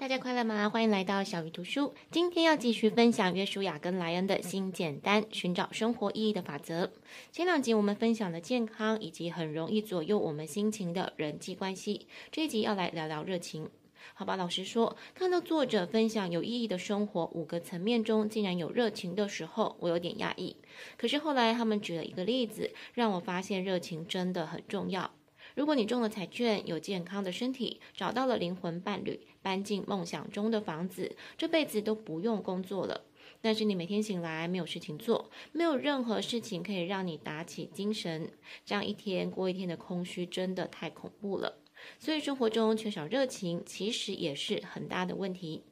大家快樂嗎？歡迎來到小魚讀書。今天要繼續分享約書亞跟萊恩的心簡單尋找生活意義的法則。前兩集我們分享了健康，以及很容易左右我們心情的人際關係，這一集要來聊聊熱情。好吧，老實說，看到作者分享有意義的生活五個層面中竟然有熱情的時候，我有點訝異。可是後來他們舉了一個例子，讓我發現熱情真的很重要。如果你中了彩券，有健康的身體，找到了靈魂伴侶，搬進夢想中的房子，這輩子都不用工作了。但是你每天醒來沒有事情做，沒有任何事情可以讓你打起精神，這樣一天過一天的空虛真的太恐怖了。所以生活中缺少熱情，其實也是很大的問題。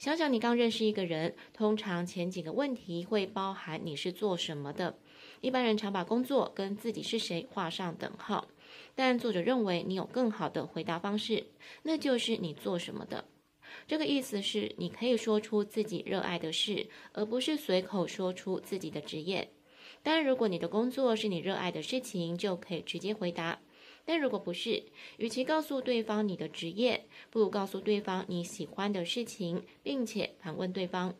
想想你剛認識一個人，通常前幾個問題會包含你是做什麼的，一般人常把工作跟自己是誰畫上等號。但作者認為你有更好的回答方式，那就是你做什麼的。這個意思是，你可以說出自己熱愛的事，而不是隨口說出自己的職業。當然，如果你的工作是你熱愛的事情，就可以直接回答。但如果不是，與其告訴對方你的職業，不如告訴對方你喜歡的事情，並且反問對方，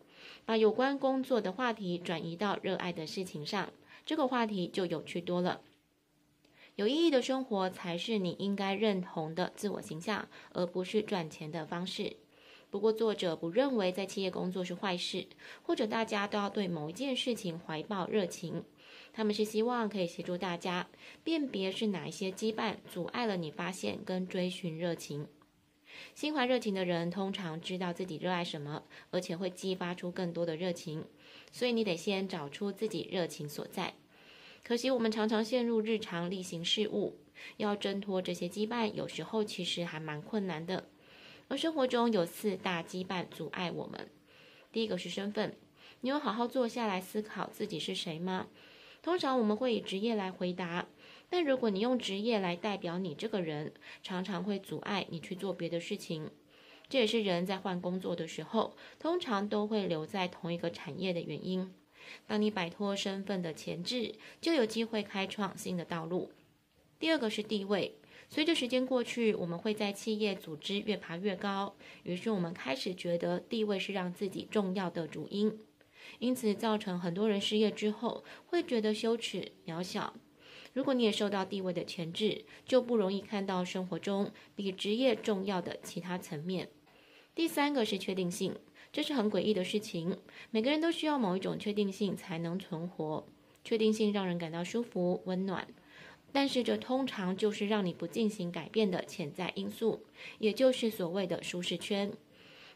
把有關工作的話題轉移到熱愛的事情上，這個話題就有趣多了。有意義的生活才是你應該認同的自我形象，而不是賺錢的方式。不過，作者不認為在企業工作是壞事，或者大家都要對某一件事情懷抱熱情。他們是希望可以協助大家辨別是哪一些羈絆阻礙了你發現跟追尋熱情。心懷熱情的人通常知道自己熱愛什麼，而且會激發出更多的熱情。所以，你得先找出自己熱情所在。可惜我們常常陷入日常例行事務，要掙脫這些羈絆，有時候其實還蠻困難的。而生活中有四大羈絆阻礙我們。第一個是身份，你有好好坐下來思考自己是誰嗎？通常我們會以職業來回答，但如果你用職業來代表你這個人，常常會阻礙你去做別的事情。這也是人在換工作的時候，通常都會留在同一個產業的原因。當你擺脫身份的鉗制，就有機會開創新的道路。第二個是地位，隨着時間過去，我們會在企業組織越爬越高，於是我們開始覺得地位是讓自己重要的主因，因此造成很多人失業之後會覺得羞恥、渺小。如果你也受到地位的鉗制，就不容易看到生活中比職業重要的其他層面。第三個是確定性。這是很詭異的事情，每個人都需要某一種確定性才能存活，確定性讓人感到舒服、溫暖，但是這通常就是讓你不進行改變的潛在因素，也就是所謂的舒適圈。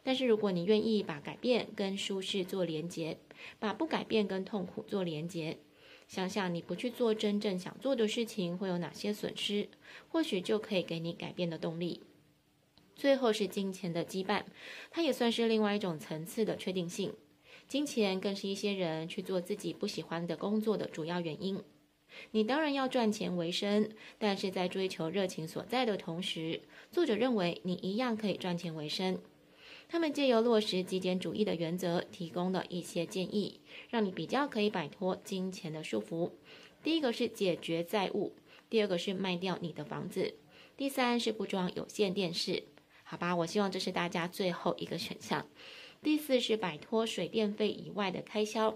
但是如果你願意把改變跟舒適做連結，把不改變跟痛苦做連結，想想你不去做真正想做的事情會有哪些損失，或許就可以給你改變的動力。最後是金錢的羈絆，它也算是另外一種層次的確定性。金錢更是一些人去做自己不喜歡的工作的主要原因。你當然要賺錢為生，但是在追求熱情所在的同時，作者認為你一樣可以賺錢為生。他們借由落實極簡主義的原則，提供了一些建議，讓你比較可以擺脫金錢的束縛。第一個是解決債務，第二個是賣掉你的房子，第三是不裝有線電視。好吧，我希望這是大家最後一個選項。第四是擺脫水電費以外的開銷。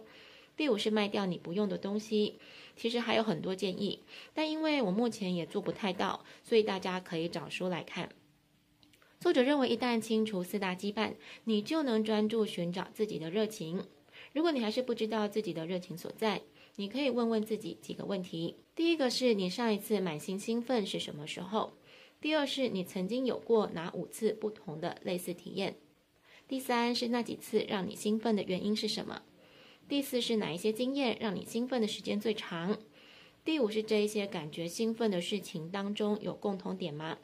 第五是賣掉你不用的東西。其實還有很多建議，但因為我目前也做不太到，所以大家可以找書來看。作者認為，一旦清除四大羈絆，你就能專注尋找自己的熱情。如果你還是不知道自己的熱情所在，你可以問問自己幾個問題。第一個是你上一次滿心興奮是什麼時候？第二是你曾經有過哪五次不同的類似體驗？第三是那幾次讓你興奮的原因是什麼？第四是哪一些經驗讓你興奮的時間最長？第五是這一些感覺興奮的事情當中有共同點嗎？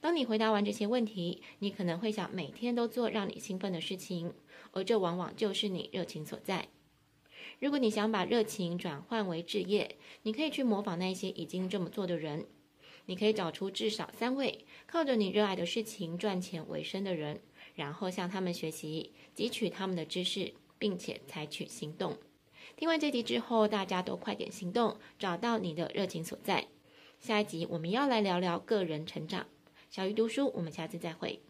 當你回答完這些問題，你可能會想每天都做讓你興奮的事情，而這往往就是你熱情所在。如果你想把熱情轉換為職業，你可以去模仿那些已經這麼做的人。你可以找出至少三位靠着你熱愛的事情賺錢為生的人，然後向他們學習，汲取他們的知識，並且採取行動。聽完這集之後，大家都快點行動，找到你的熱情所在。下一集我們要來聊聊個人成長。小魚讀書，我們下次再會。